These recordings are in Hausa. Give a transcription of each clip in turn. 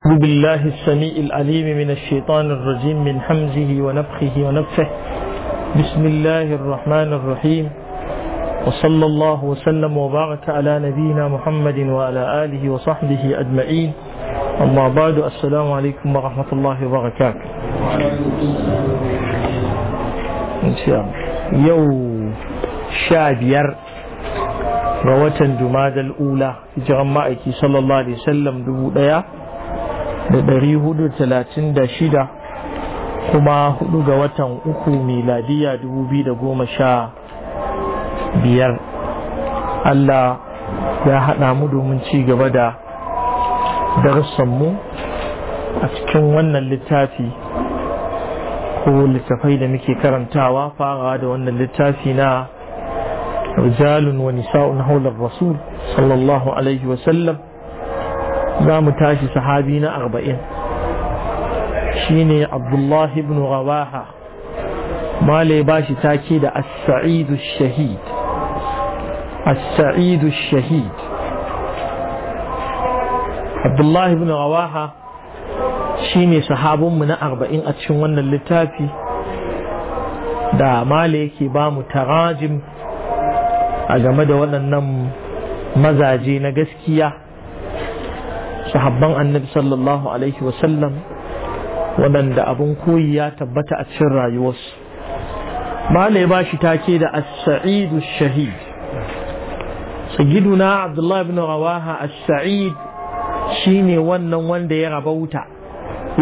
أعوذ بالله السميع العليم من الشيطان الرجيم من حمزه ونفخه ونفه بسم الله الرحمن الرحيم وصلى الله وسلم وبارك على نبينا محمد وعلى آله وصحبه أجمعين أما بعد السلام عليكم ورحمة الله وبركاته إن شاء الله يوم شابير ga watan الأولى al'ula hijiran صلى الله عليه وسلم دبو daya da ɗari hudu talatin da shida kuma hudu ga watan uku miladiya dubu goma sha biyar Allah ya haɗa mu domin ci gaba da darussanmu a cikin wannan littafi ko littafai da muke karantawa fara da wannan littafi na rijalun wa nisa'un haular rasul sallallahu alaihi wasallam za mu tashi sahabi na arba'in shine abdullahi ibn rawaha male ba shi take da as-sa'idu shahid shahid abdullahi ibn rawaha shine sahabinmu na arba'in a cikin wannan littafi da male yake ba mu tarajim a game da waɗannan mazaje na gaskiya sahabban annabi sallallahu alaihi wasallam waɗanda abin koyi ya tabbata a cikin rayuwarsu malai ba shi take da as-sa'idu shahid sayyiduna abdullahi ibn rawaha as-sa'id shine wannan wanda ya rabauta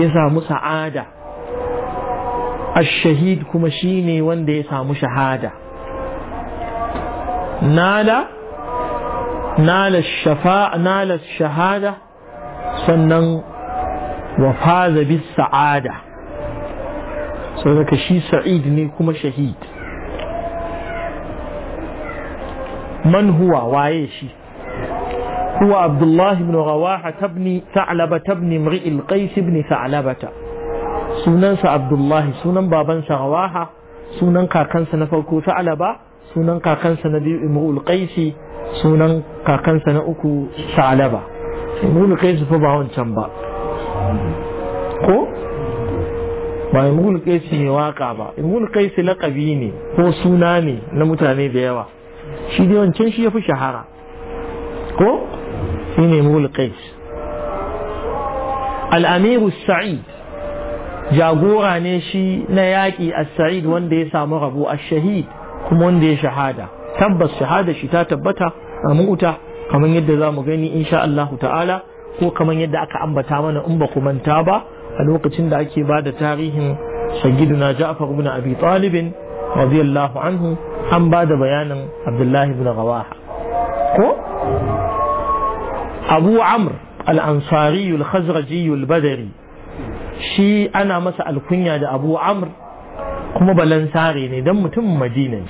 ya samu sa'ada ash-shahid kuma shine wanda ya samu shahada nala nala shafa nala shahada sannan wa faza bis sa'ada saboda shi sa'id ne kuma shahid man huwa waye shi هو عبد الله بن رواحة بن ثعلبة بن امرئ القيس بن ثعلبة سننس عبد الله سنن بابنس رواحة سنن كاكنس نفوكو ثعلبة سنن كاكنس نبي امرئ القيس سنن كاكنس نأكو ثعلبة kai su fa ba wancan ba ko ba kai qais ne waka ba kai qais laqabi ne ko suna ne na mutane da yawa shi dai wancan shi yafi shahara ko shine ibn qais al-amir said jagora ne shi na yaƙi as-sa'id wanda ya samu rabo ash-shahid kuma wanda ya shahada tabbas shahada shi ta tabbata a mu'uta kamar yadda za mu gani insha Allah ta'ala ko kamar yadda aka ambata mana in ba ku manta ba a lokacin da ake ba da tarihin na Ja'far ibn Abi Talib radiyallahu anhu an ba da bayanin Abdullahi ibn Rawaha ko Abu Amr al-Ansari al-Khazraji al-Badri shi ana masa alkunya da Abu Amr kuma balansare ne dan mutum Madina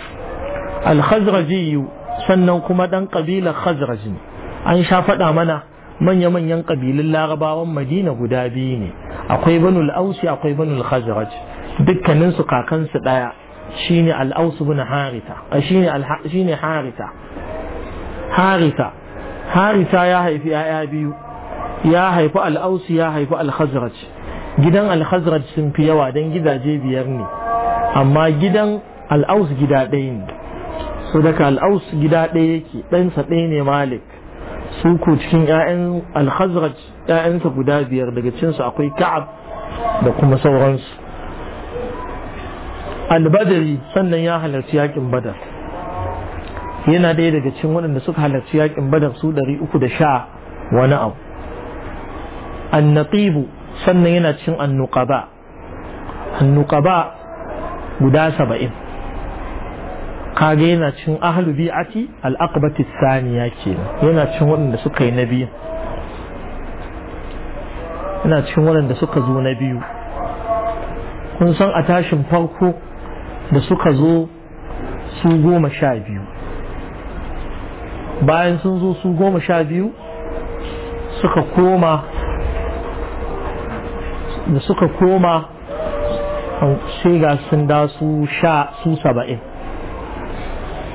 al-Khazraji sannan kuma ɗan kabilar khazraj ne an sha faɗa mana manya-manyan kabilun larabawan madina guda biyu ne akwai banu ausi akwai al khazraj dukkaninsu kakansu ɗaya shine al'ausu bin harita shine harita harita harita ya haifi ‘ya'ya biyu ya haifi al'ausi ya haifi al-khazraj gidan al-khazraj sun fi yawa dan gidaje biyar ne amma gidan al'aus gida ɗaya ne so daga al'aus gida ɗaya yake ɗansa ɗaya ne malik su ku cikin 'ya'yan alhazraj 'ya'yansa guda biyar daga cinsu akwai ka'ab da kuma sauransu albadari sannan ya halarci yakin badar yana ɗaya daga cikin waɗanda suka halarci yakin badar su ɗari uku da sha wani abu annaqibu sannan yana cin annuqaba annuqaba guda saba'in kaga yana cin ahlu bi'ati al-aqbati saniya ke yana cin waɗanda suka yi na biyu yana cin waɗanda suka zo na biyu kun san a tashin farko da suka zo su goma sha biyu bayan sun zo su goma sha biyu suka koma da suka koma sai ga sun da su sha su saba'in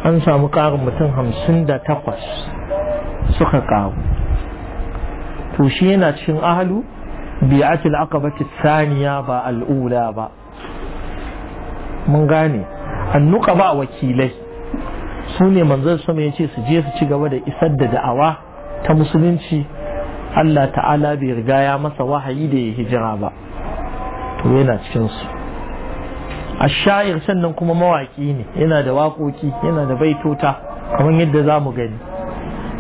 an samu karin mutum hamsin da takwas suka ƙaru to shi yana cikin ahalu bi'atul aqabati saniya ba al'ula ba mun gane annuka ba wakilai su ne manzon sama ya ce su je su ci gaba da isar da da'awa ta musulunci Allah ta'ala bai riga ya masa wahayi da ya hijira ba to yana cikinsu ashayir sannan kuma mawaƙi ne yana da waƙoƙi yana da baitota kamar yadda za mu gani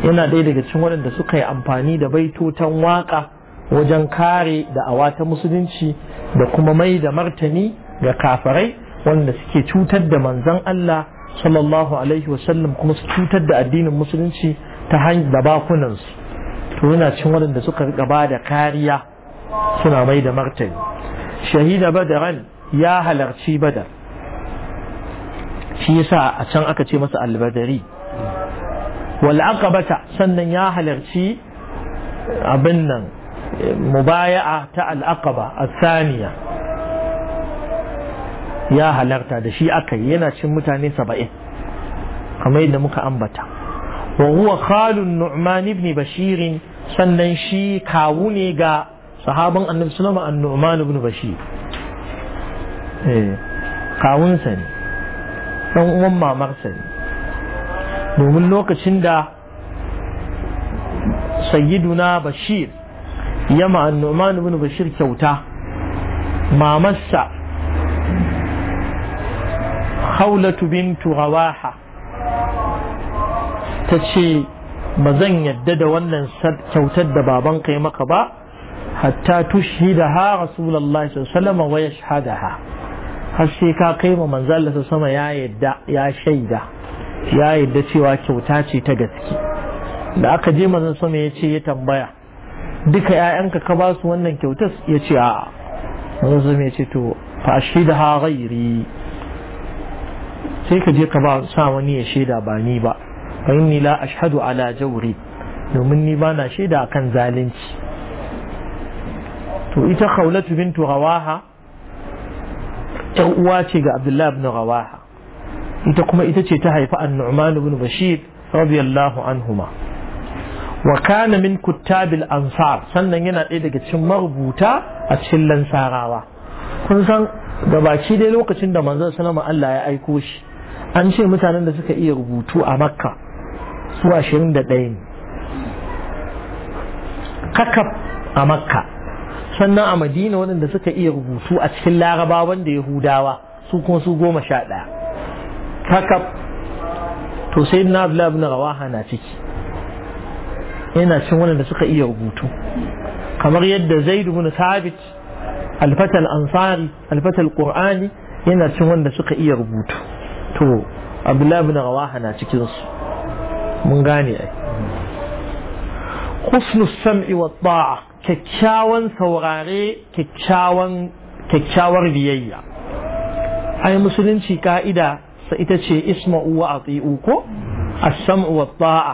yana ɗaya daga cin waɗanda suka yi amfani da baitotan waƙa wajen kare da ta musulunci da kuma mai da martani ga kafarai, wanda suke cutar da manzon Allah sallallahu alaihi wasallam kuma su cutar da addinin musulunci ta hanyar da bakunansu to yana cin waɗanda suka riƙa ba da kariya suna mai da martani shahida rani. ya halarci badar shi yasa a can aka ce masa albadari wal aqabata sannan ya halarci abin nan mubaya'a ta al aqaba asaniya ya halarta da shi aka yi yana cin mutane saba'in kamar yadda muka ambata wa huwa khalun nu'man ibn bashir sannan shi kawu ne ga sahabin annabi sallallahu alaihi wasallam an-nu'man ibn bashir Eh, kawunsa ne ɗan uwan mamarsa ne domin lokacin da sayyiduna bashir yama annuman ibn bashir kyauta mamarsa haulatu bintu rawaha ta ce ba zan yadda da wannan kyautar da baban kai maka ba hatta tushhidaha Rasulallah sallallahu alaihi wasallam wa yashhadaha har sai ka kai ma manzo Allah sama ya yadda ya shaida ya yadda cewa kyauta ce ta gaske da aka je manzo sama ya ce ya tambaya duka ƴaƴanka ka ba su wannan kyautar ya ce a'a manzo sama ya ce to fa ha ghairi sai ka je ka ba sa wani ya shaida ba ni ba fa inni la ashhadu ala jawri domin ni ba na shaida akan zalunci to ita khawlatu bintu rawaha ‘yar uwa ce ga Abdullahi ibn Rawaha, ita kuma ita ce ta haifi annu'man ibn Bashir radiyallahu anhuma. Wa kana min kuttabil ansar sannan yana ɗaya daga cikin marubuta a cikin lansarawa. Kun san da baki dai lokacin da manzon sanama Allah ya aiko shi an ce mutanen da suka iya rubutu a Makka su ashirin da ɗaya ne. Kakaf a Makka sannan a madina waɗanda suka iya rubutu a cikin larabawan da yahudawa su kuma su goma sha ɗaya kakaf to sai na abdullahi ibn rawaha na ciki yana cin waɗanda suka iya rubutu kamar yadda Zaidu ibn thabit alfatal ansari alfatal qur'ani yana cin wanda suka iya rubutu to abdullahi ibn rawaha na cikin su mun gane ai husnus sam'i wa ta'a kyakkyawan saurare kyakkyawar biyayya ai musulunci ka'ida sa ita ce isma'u wa ati'u ko as-sam'u wa ta'a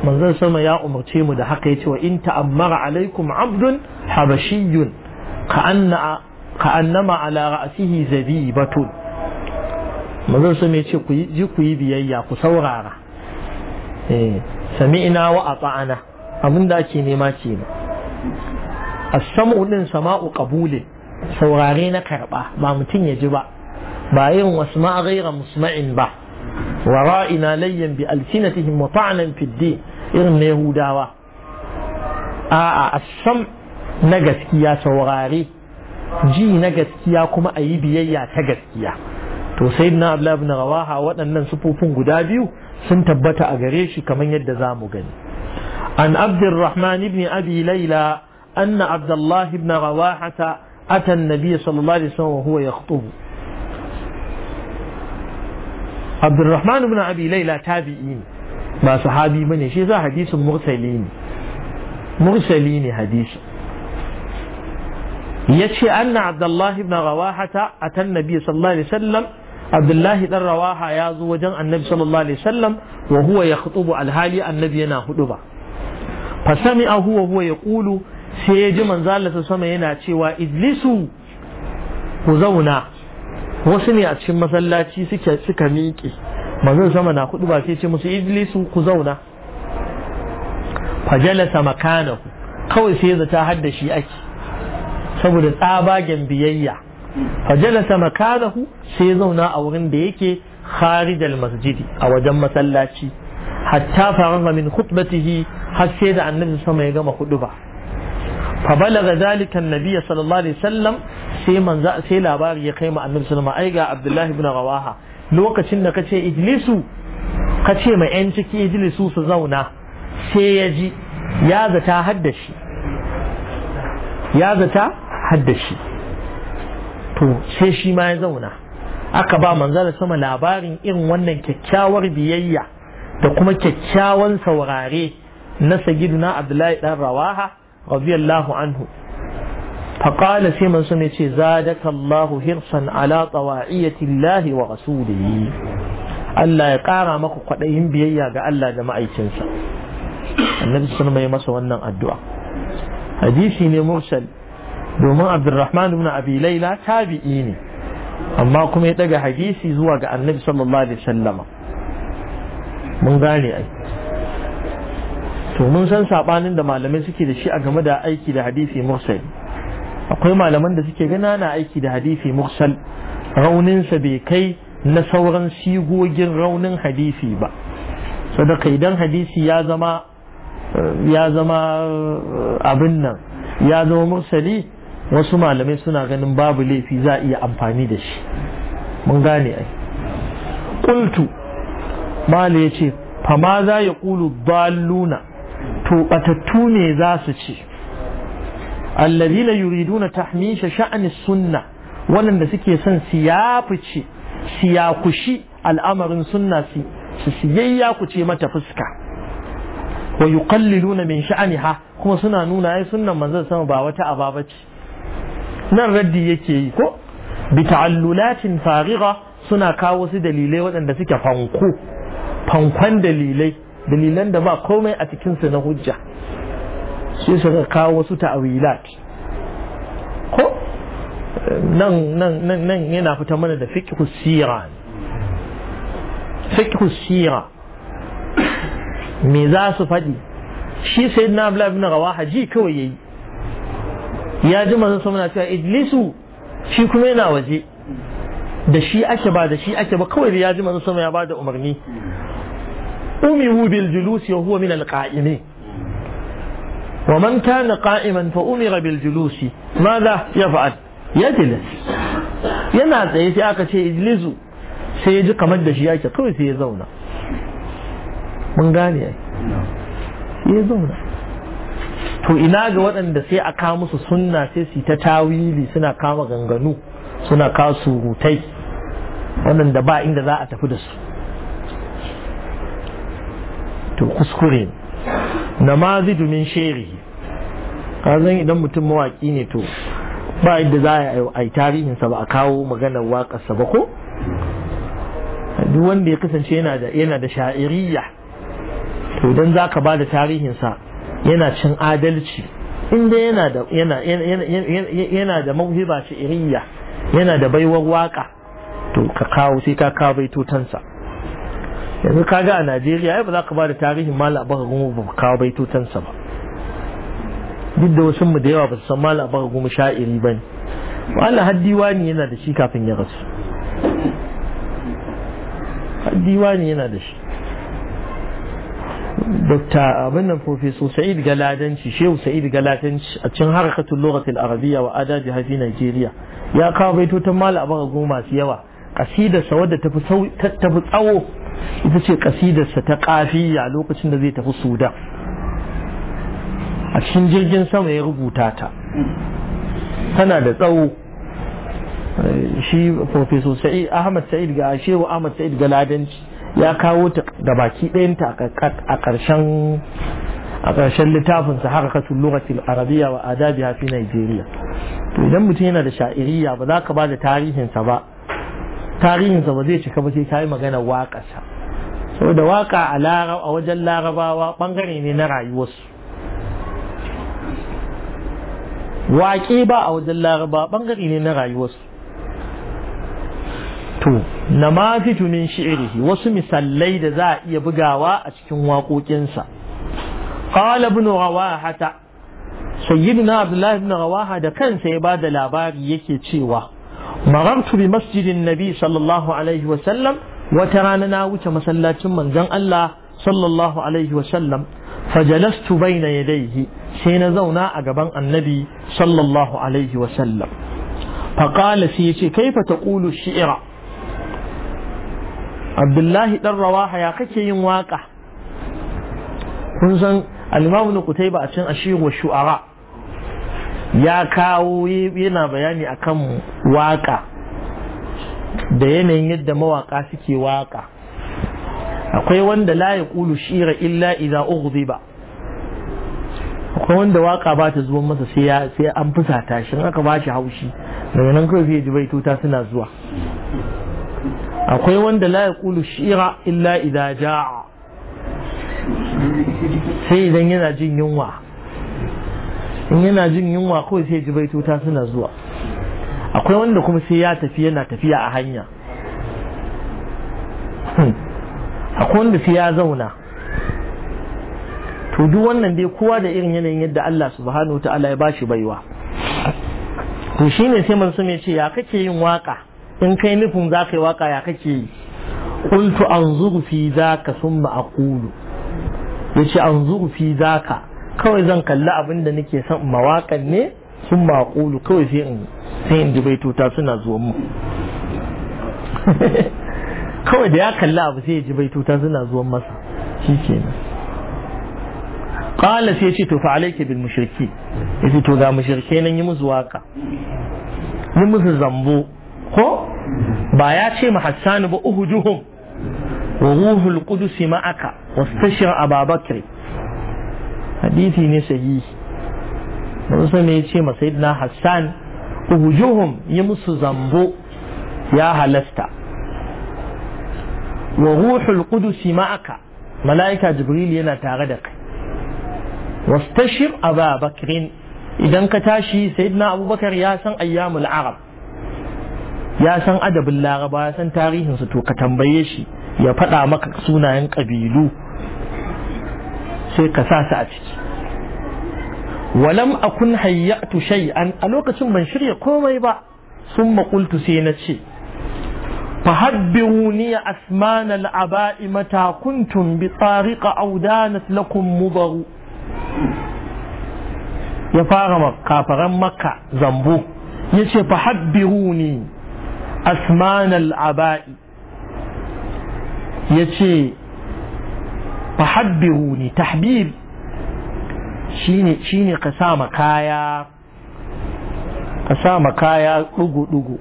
manzon sama ya umarce mu da haka yace wa in ta'ammara alaikum abdun habashiyyun ka'anna ka'annama ala ra'sihi zabibatun manzon sama yace ku yi ku yi biyayya ku saurara eh sami'na wa ata'ana abinda ake nema kenan as-sam'u din sama'u qabulin saurare na karba ba mutum ya ji ba ba yin wasu ma musma'in ba ra'ina layyan bi alsinatihim wa ta'nan fi din irin na yahudawa a as-sam na gaskiya saurare ji na gaskiya kuma a yi biyayya ta gaskiya to sai na abdullahi na rawaha waɗannan sufufun guda biyu sun tabbata a gare shi kamar yadda za mu gani عن عبد الرحمن بن أبي ليلى أن عبد الله بن رواحة أتى النبي صلى الله عليه وسلم وهو يخطب عبد الرحمن بن أبي ليلى تابعين ما صحابي من يشيز حديث مرسلين مرسلين حديث يشي أن عبد الله بن رواحة أتى النبي صلى الله عليه وسلم عبد الله بن رواحة يازو وجن النبي صلى الله عليه وسلم وهو يخطب الهالي النبي ناهدبه fasami a huwa huwa ya ƙulu sai ya ji manzalarsa sama yana cewa idlisu ku zauna wasu ne a cikin masallaci suka miƙe manzon sama na kudu ba sai ce musu idlisu ku zauna fajalasa makanahu kawai sai zata hadda shi ake saboda tsabagen biyayya fajalasa makanahu sai zauna a wurin da yake kharijal masjidi a wajen masallaci hatta faraga min khutbatihi har sai da annabi sama ya gama hudu ba fa balaga zalika annabi sallallahu alaihi wasallam sai manzo sai labari ya kai ma annabi sallallahu alaihi wasallam ai ga abdullahi ibn rawaha lokacin da kace ijlisu kace ma yan ciki ijlisu su zauna sai ya ji ya zata haddashi ya zata haddashi to sai shi ma ya zauna aka ba da sama labarin irin wannan kyakkyawar biyayya da kuma kyakkyawan saurare na sayyiduna abdullahi dan rawaha radiyallahu anhu فقال سيما سميتي زادك الله حرصا على طواعية الله ورسوله ألا يقارى مكو قدئهم بيئيا ألا جماعي تنسى النبي صلى الله عليه وسلم الدعاء حديثي مرسل دوما عبد الرحمن بن أبي ليلى تابعيني أما كم يتقى حديثي زواج النبي صلى الله عليه وسلم من قال أي to mun san sabanin da malamai suke da shi a game da aiki da hadisi mursal akwai malaman da suke gana na aiki da hadisi mursal rauninsa bai kai na sauran sigogin raunin hadisi ba sadaka idan hadisi ya zama ya zama eh, abin nan ya zama mursali wasu malamai suna ganin babu laifi za a iya amfani da shi mun gane ai qultu mala yace ma za ya qulu dalluna to ne za su ci allazina yuriduna tahmisha sha'ni sunna waɗanda suke son siyafice siyakushi al'amarin sunna su su siyayya ku ce mata fuska wa yuqalliluna min sha'niha kuma suna nuna ai sunnan manzon sama ba wata ababa ce nan raddi yake yi ko bi ta'allulatin farigha suna kawo su dalilai waɗanda suke fanko fankon dalilai dalilan da ba komai a cikinsu na hujja sai su kawo wasu ta'awilat ko nan nan nan nan yana fita mana da fiqhu sira fiqhu sira me za su faɗi shi sai na bla ibn rawaha ji kawai yayi ya ji manzon sama na cewa idlisu shi kuma yana waje da shi ake ba da shi ake ba kawai da ya ji manzon sama ya ba da umarni umiru bil julus wa huwa min al qa'imin wa man kana qa'iman fa umira bil julus madha ya yajlis yana tsaye sai aka ce ijlisu sai ya ji kamar da shi yake kawai sai ya zauna mun gane ya zauna to ina ga waɗanda sai a kawo musu sunna sai su ta tawili suna kama ganganu suna kawo surutai waɗanda ba inda za a tafi da su to kuskure namazidu min sherihi zan idan mutum mawaki ne to ba yadda za a yi tarihinsa ba a kawo maganar waƙarsa ba ko duk wanda ya kasance yana da sha'iriyya to don za ka ba da tarihinsa yana cin adalci inda yana da mauhiba sha'iriyya yana da baiwar waƙa to ka kawo sai ka kawo baitotansa yanzu kaga a najeriya ya ba za ka ba da tarihin mala abaka gumu ba kawo tutansa ba duk da wasu mu da yawa ba su san mala abaka gumu sha'iri ba ne wala haddiwa ne yana da shi kafin ya rasu haddiwa ne yana da shi Dokta abinnan nan Sa'id Galadanci, Shehu Sa'id Galadanci a cikin harkatul lughatul arabiyya wa adabi hafi Najeriya ya kawo baitotan mala abaka gumu masu yawa sa wadda tafi tsawo ita ce ƙasidarsa ta a lokacin da zai tafi sudan a cikin jirgin sama ya rubuta ta tana da tsawo shi professor sa'id ahmad sa'id ga shehu ahmad sa'id ga ladanci ya kawo ta da baki ɗayanta a ƙarshen a ƙarshen littafin sa haka kasu lokacin arabiya wa adabi hafi nigeria to idan mutum yana da sha'iriya ba za ka ba da tarihinsa ba tarihinsa ba zai cika ba sai ka yi magana waƙasa saboda waƙa a wajen larabawa ɓangare ne na rayuwarsu waƙe ba a wajen larabawa ɓangare ne na rayuwarsu to na fi tunin shi'irihi wasu misallai da za a iya bugawa a cikin waƙoƙinsa qala ibn rawahata sayyidina abdullahi ibn rawaha da kansa ya ba da labari yake cewa marartu bi masjidin nabi sallallahu alaihi wasallam wata rana na wuce masallacin manzon Allah sallallahu alaihi wasallam fajalastu baina yadayhi sai na zauna a gaban annabi sallallahu alaihi wasallam faqala sai yace kaifa taqulu shi'ra Abdullahi ɗan rawa ya kake yin waƙa? kun san al-Imam Qutayba a cikin ashiru shu'ara ya kawo yana bayani akan waka da yanayin yadda mawaka suke waka akwai wanda la ya ƙulu shira illa idan ughdi ba akwai wanda waka ba ta zuwa masa sai an fusata shi aka ba shi haushi daga nan kawai sai ji baitota suna zuwa akwai wanda la ya ƙulu shira illa idan ja'a sai idan yana jin yunwa in yana jin yunwa kawai sai ji baitota suna zuwa akwai wanda kuma sai ya tafi yana tafiya a hanya hmm. akwai wanda sai ya zauna to duk wannan dai kowa da irin yanayin yadda Allah subhanahu ta'ala ya bashi baiwa to shine sai mun ya ce ya kake yin waka in kai nufin za ka yi waka ya kake yi qultu anzuru fi zaka thumma aqulu yace anzuru fi zaka kawai zan kalli abin da nake son mawakan ne sun maƙulu kawai sai in sai in tuta suna zuwa mu kawai da ya kalli abu sai ya tuta suna zuwa masa shi nan ƙala sai ce to fa alayka bil mushriki ce to ga mushrike nan yi musu waka yi musu zambo ko ba ya ce ma Hassan ba uhujuhum wa ruhul qudus ma'aka wastashir ababakri hadisi ne sahihi manzo ne ya ce ma sayyidina hassan uhujuhum yi musu zambo ya halasta wa ruhul qudus ma'aka mala'ika jibril yana tare da kai wastashir aba bakrin idan ka tashi sayyidina abubakar ya san ayyamul arab ya san adabin laraba ya san tarihinsu to ka tambaye shi ya faɗa maka sunayen ƙabilu sai ka sa su a ciki walam akun hayyatu shay'an a lokacin ban shirya komai ba sun maƙultu sai na ce فهبروني أثمان العباء متى كنتم بطارق أو دانت لكم مضر ya fara makafaran maka zambo ya ce fa habbiruni asmanal aba'i ya ce fahabbiruni tahbib shine shine ka sa ma kaya ka sa makaya kaya dugu dugu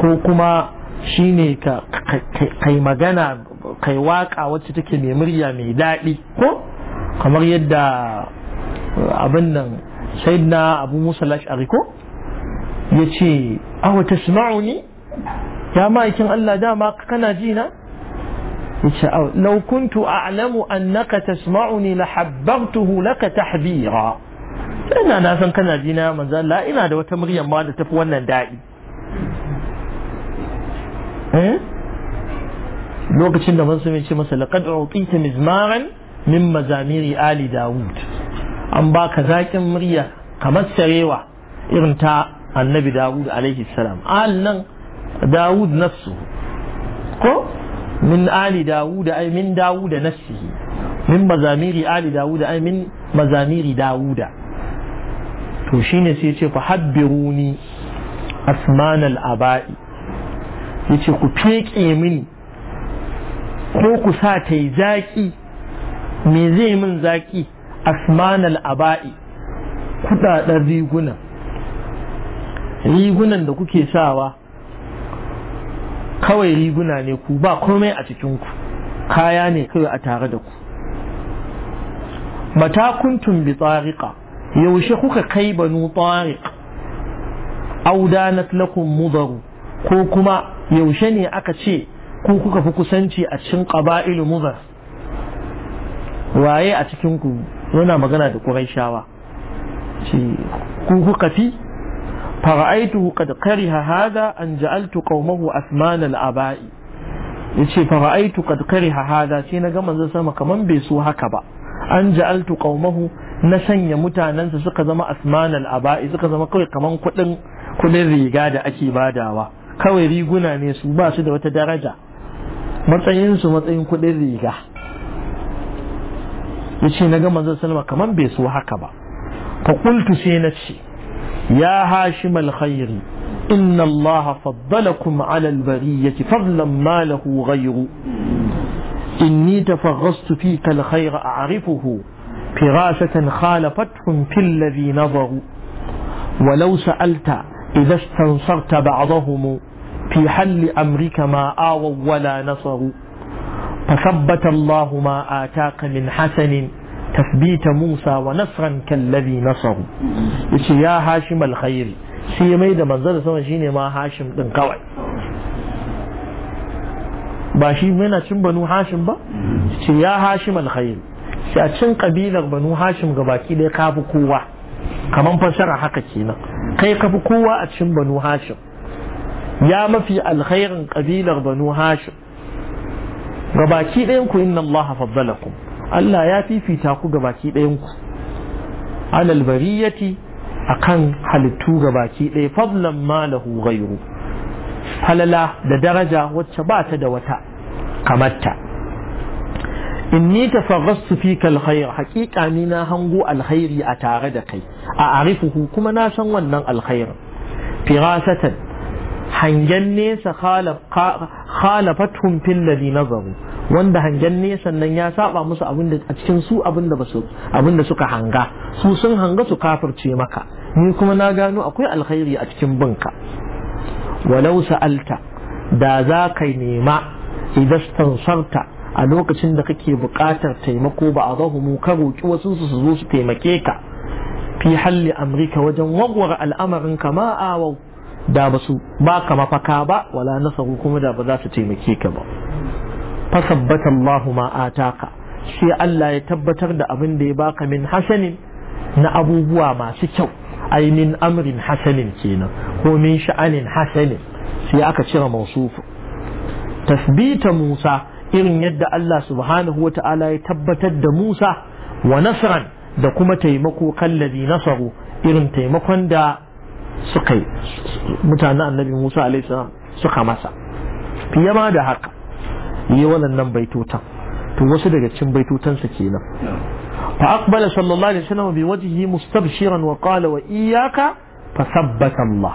ko kuma shine ka kai magana kai waka wacce take mai murya mai daɗi ko kamar yadda abin nan sayyidina abu musa lash'ari ko ya ce awa ta ya ma'aikin Allah dama kana jina. na لو كنت أعلم أنك تسمعني لحببته لك تحبيرا ina na san kana jina manzo ina da wata muryar ma da tafi wannan daɗi eh? lokacin da manzo ya ce masa laqad utita mizmaran min mazamiri ali daud an baka zaƙin murya kamar sarewa irin ta annabi daud alaihi salam al nan daud nafsu ko min ali dawud ay min dawud nafsihi min mazamiri ali dawud ay min mazamiri dawuda to shine sai yace fa habbiruni asman al-aba'i yace ku feke mini ko ku sa ta yi zaki me zai min zaki asman al-aba'i kudaden riguna rigunan da kuke sawa kawai riguna ne ku ba komai a cikinku kaya ne kawai a tare da ku mata kuntum bi tsariƙa yaushe kuka kai banu tsariƙ audanat lakum mudaru ko kuma yaushe ne aka ce ku kuka fi kusanci a cikin ƙaba'ilu mudar waye a cikinku yana magana da ƙuraishawa ku kuka fi فرأيته قد كره هذا أن جعلت قومه أثمان الآباء yace fara'aitu qad kariha hada sai na ga manzon sama kaman bai so haka ba an ja'altu qaumahu na sanya mutanansa suka zama asmanal aba'i suka zama kawai kaman kudin kudin riga da ake badawa kawai riguna ne su ba su da wata daraja matsayin su matsayin kudin riga yace na ga manzon sama kaman bai so haka ba fa qultu sai na ce يا هاشم الخير إن الله فضلكم على البرية فضلا ما له غير إني تفغصت فيك الخير أعرفه فراسة خالفتهم في الذي نظروا ولو سألت إذا استنصرت بعضهم في حل أمرك ما آووا ولا نصروا فثبت الله ما آتاك من حسن tasbita Musa wa nasran kallazi nasaru yace ya Hashim al-Khair sai mai da manzon sama shine ma Hashim din kawai ba shi yana cin banu Hashim ba ce ya Hashim al sai a cin kabilar banu Hashim ga baki ɗaya kafi kowa kaman fasara haka kenan kai kafi kowa a cin banu Hashim ya mafi alkhairin kabilar banu Hashim ga baki ku inna Allah Allah ya fifita ku ga baki ɗayan ku alal bariyati akan halittu ga baki ɗaya fablan malahu, lahu ghayru halala da daraja wacce ba ta da wata kamarta inni tafaghastu fika alkhair haƙiƙa ni na hango alkhairi a tare da kai a arifuhu kuma na san wannan alkhair firasatan hangen nesa khalafatuhum fil ladhi nazaru wanda hangen nesa nan ya saba musu abinda a cikin su abinda ba abinda suka hanga su sun hanga su kafirce maka ni kuma na gano akwai alkhairi a cikin binka walau sa'alta da za ka nema idan a lokacin da kake bukatar taimako ba a zahumu ka roƙi wasu su zo su taimake ka fi halli amrika wajen wagwar al'amarin ka ma awau da ba su ba ka mafaka ba wala nasaru kuma da ba za su taimake ka ba fasabbata Allahu ma ataka sai Allah ya tabbatar da abin da ya baka min hasanin na abubuwa masu kyau ai min amrin hasanin kenan ko min sha'anin hasanin sai aka cire mausufu tasbita Musa irin yadda Allah subhanahu wa ta'ala ya tabbatar da Musa wa nasran da kuma taimako kallazi nasaru irin taimakon da suka yi mutanen annabi Musa alaihi salam suka masa fiye ma da haka yi waɗannan baitotan to wasu daga cikin baitotansa kenan fa aqbala sallallahu alaihi wasallam bi wajhi mustabshiran wa qala wa iyyaka فثبت sai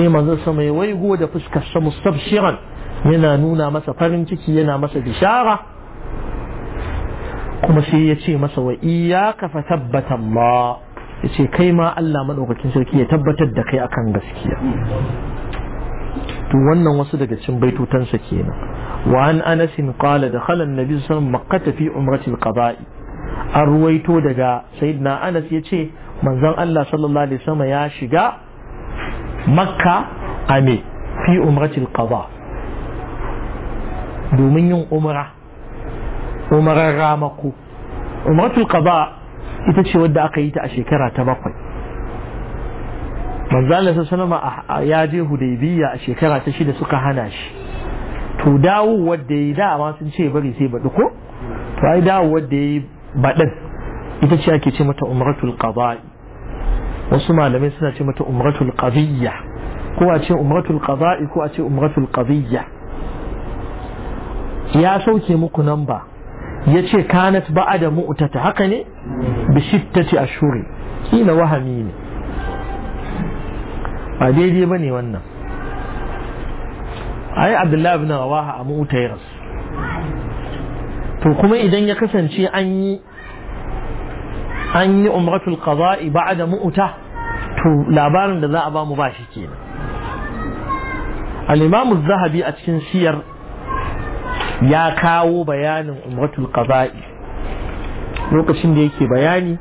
شيء ما زال سمي da fuskar sa mustabshiran yana nuna masa farin ciki yana masa bishara kuma sai ya ce masa wa iyaka fa Allah ya ce kai ma Allah madaukakin sarki ya tabbatar da kai akan gaskiya to wannan wasu daga cikin baitutansa kenan وعن أنس قال دخل النبي صلى الله عليه وسلم مكة في عمرة القضاء أرويتو دقا سيدنا أنس يتشي من زن الله صلى الله عليه وسلم يا شقا مكة أمي في عمرة القضاء دومين يوم عمرة عمرة رامكو عمرة القضاء يتشي ودا أقيت أشيكرا تبقي manzo Allah sallallahu alaihi wasallam ya je Hudaybiya a shekara ta shida suka hana shi to dawo wadda ya da ma sun ce bari sai baɗi ko to ai dawo wadda ya yi baɗin ita ce ake ce mata umratul qada'i wasu malamai suna ce mata umratul qadiyya ko a ce umratul qada'i ko a ce umratul qadiyya ya sauke muku namba ya ce kanat ba'ada mu'tata haka ne bi shittati ashuri kila wahami ne ba daidai bane wannan Ayi abdullahi na rawaha a mu'uta to kuma idan ya kasance an yi an yi umratul qada'i ba'da mu'uta to labarin da za a ba mu ba shi kenan al-imam az-zahabi a cikin siyar ya kawo bayanin umratul qada'i lokacin da yake bayani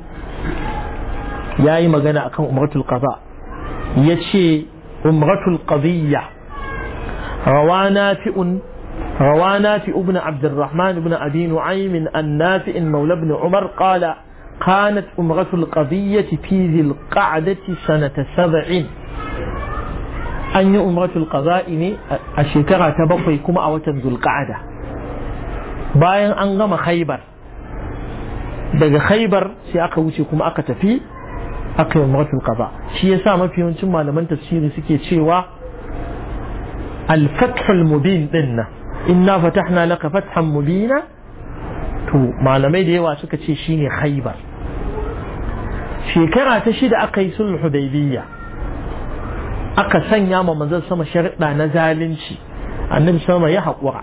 yayi magana akan umratul qada ce umratul qadiyya روى نافع روى نافع بن عبد الرحمن بن أبي نعيم النافع مولى بن عمر قال كانت أمرة القضية في ذي القعدة سنة سبع أن أمرة القضاء الشكرة تبقي كما أوتن ذو القعدة bayan an gama khaibar daga khaibar sai aka wuce kuma aka tafi aka yi umaratul qada shi yasa mafi yawancin malaman tafsiri suke cewa الفتح المبين ديننا إنا فتحنا لك فتحا مبينا تو ما لم يدعي واسكة خيبر في كرة تشيد أقي سل حديبية أقى سن ياما منزل سما شرقنا نزالنشي أنم سما يحق وقع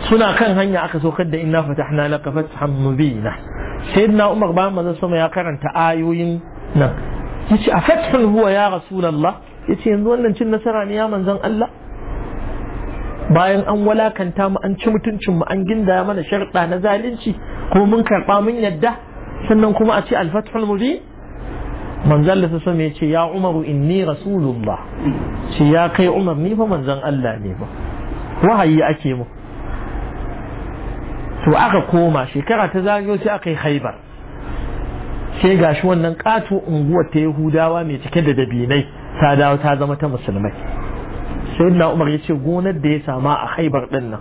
suna kan hanya aka so kadda inna fatahna laka fathan mubina sayyidina umar ba manzo sama ya karanta ayoyin nan yace a fathun huwa ya rasulullah ya ce yanzu wannan cin nasara ne ya manzan Allah bayan an walakanta mu an ci mutuncin mu an ginda mana sharɗa na zalunci ko mun karɓa mun yadda sannan kuma a ce alfatul muri manzan Allah sai ya ce ya umaru inni rasulullah ce ya kai umar ni fa manzan Allah ne ba wahayi ake mu to aka koma shekara ta zagayo sai aka yi haibar sai gashi wannan ƙato unguwar ta yahudawa mai cike da dabinai ta dawo ta zama ta musulmai sayyidina umar ya ce gonar da ya sama a haibar din nan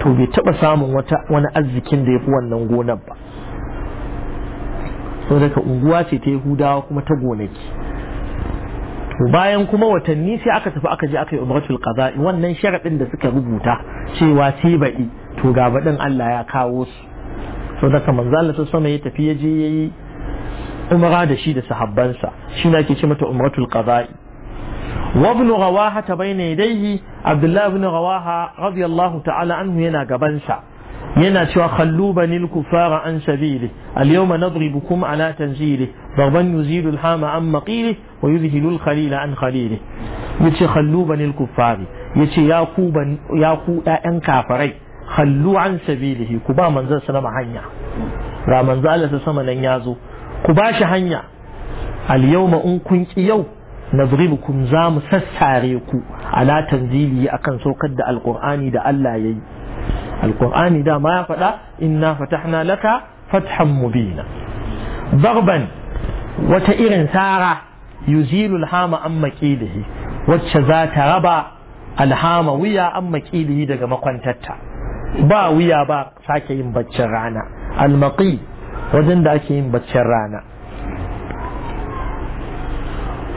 to bai taba samun wata wani arzikin da ya fi wannan gonar ba so daga unguwa ce ta yahudawa kuma ta gonaki to bayan kuma watanni sai aka tafi aka je aka yi umratul qada'i wannan sharadin da suka rubuta cewa sai ba'i. to ga baɗin Allah ya kawo su so daga manzo Allah sama ya tafi ya je yayi umra da shi da sahabbansa shi na ake ce mata umratul qada'i وابن رواحة بين يديه عبد الله بن رواحة رضي الله تعالى عنه ينا قبنسا ينا شوى خلوا بني الكفار عن سبيله اليوم نضربكم على تنزيله ضربا يزيل الحام عن مقيله ويذهل الخليل عن خليله يتي خلوا بني الكفار يتي ياكو بن ياكو ان كافري خلوا عن سبيله كبا منزل سلام حنيا را منزل سلام لن يازو كباش حنيا اليوم ان كنت يوم nadribukum za mu sassare ku ala tanzili akan saukar da alqur'ani da Allah yayi alqur'ani da ma ya faɗa inna fatahna laka fathan mubina zarban wata irin sara yuzilu alhama an maqidihi wacce za ta raba alhama wuya an maqidihi daga makwantarta ba wuya ba sake yin baccin rana almaqi wajen da ake yin baccin rana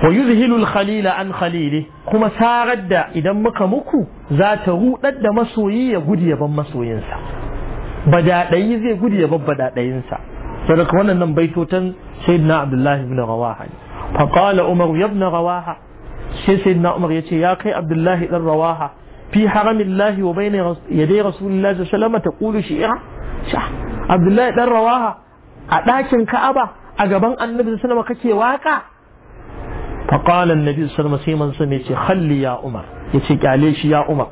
wa yuzhilul khalila an khalili kuma sarar da idan muka muku za ta rudar da masoyi ya gudu yaban masoyinsa badadayi zai gudu yaban badadayinsa sadaka wannan nan baitotan sayyidina abdullahi bin rawaha fa qala umar ibn rawaha sai sayyidina umar ya ce ya kai abdullahi ɗan rawaha fi haramillahi wa bayna yaday rasulillahi sallallahu alaihi wasallam taqulu shi'ra abdullahi ɗan rawaha a ɗakin ka'aba a gaban annabi sallallahu alaihi kake waƙa. فقال النبي صلى الله عليه وسلم يتي خلي يا عمر يتي عليش يا عمر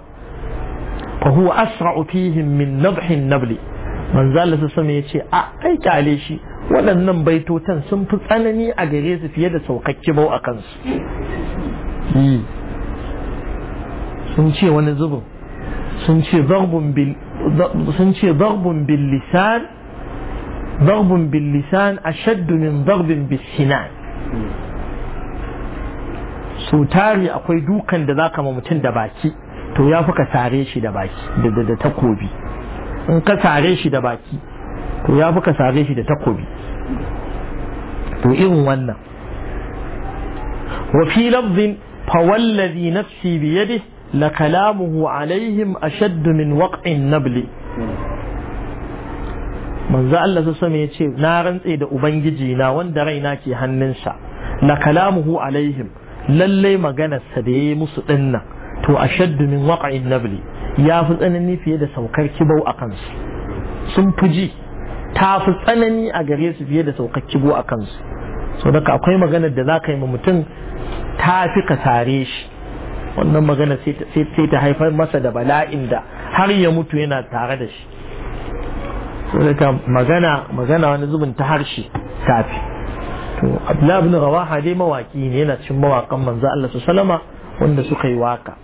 فهو أسرع فيهم من نضح النبل من صلى الله وسلم يتي أعيك أه، عليش waɗannan baitotan sun fi أنني a في يد سوقك da أقنص إيه. سنشي ونزبو سنشي sun بال سنشي zubin باللسان ضرب باللسان أشد من ضرب بالسنان so tari akwai dukan da zaka ma mutum da baki to ya fuka sare shi da baki da takobi in ka sare shi da baki to ya fuka sare shi da takobi to irin wannan wa fi lafzin fawallazi nafsi biyade la kalamuhu alaihim ashaddu min waq'in nabli manzo Allah sassa ya ce na rantse da ubangiji na wanda raina ke hannunsa la kalamuhu alaihim lallai maganarsa da ya yi musu dinnan to a shaddu min waƙa'in nabli ya fi tsanani fiye da saukar kibau a kansu sun fi ji ta fi tsanani a gare su fiye da saukar kibo a kansu so daga akwai maganar da za ka yi ma mutum ta fi ka tare shi wannan magana sai ta haifar masa da bala'in da har ya mutu yana tare da shi so magana magana wani zubin ta harshe tafi to abdullah rawaha dai mawaki ne yana cikin mawakan manzo Allah salama wanda suka yi waka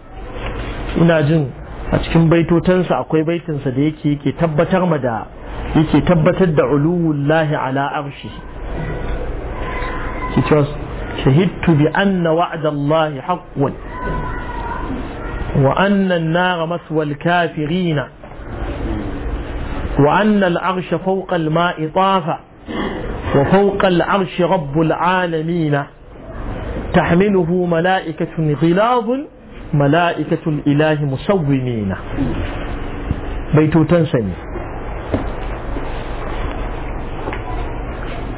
ina jin a cikin baitotansa akwai baitinsa da yake yake tabbatar ma da yake tabbatar da uluwullahi ala arshi ki cewa shahidtu bi anna wa'dallahi haqqun wa anna an-nara maswal kafirina wa anna al-arsha fawqa al-ma'i tafa وفوق العرش رب العالمين تحمله ملائكة غلاظ ملائكة الإله مسومين بيتو تنسني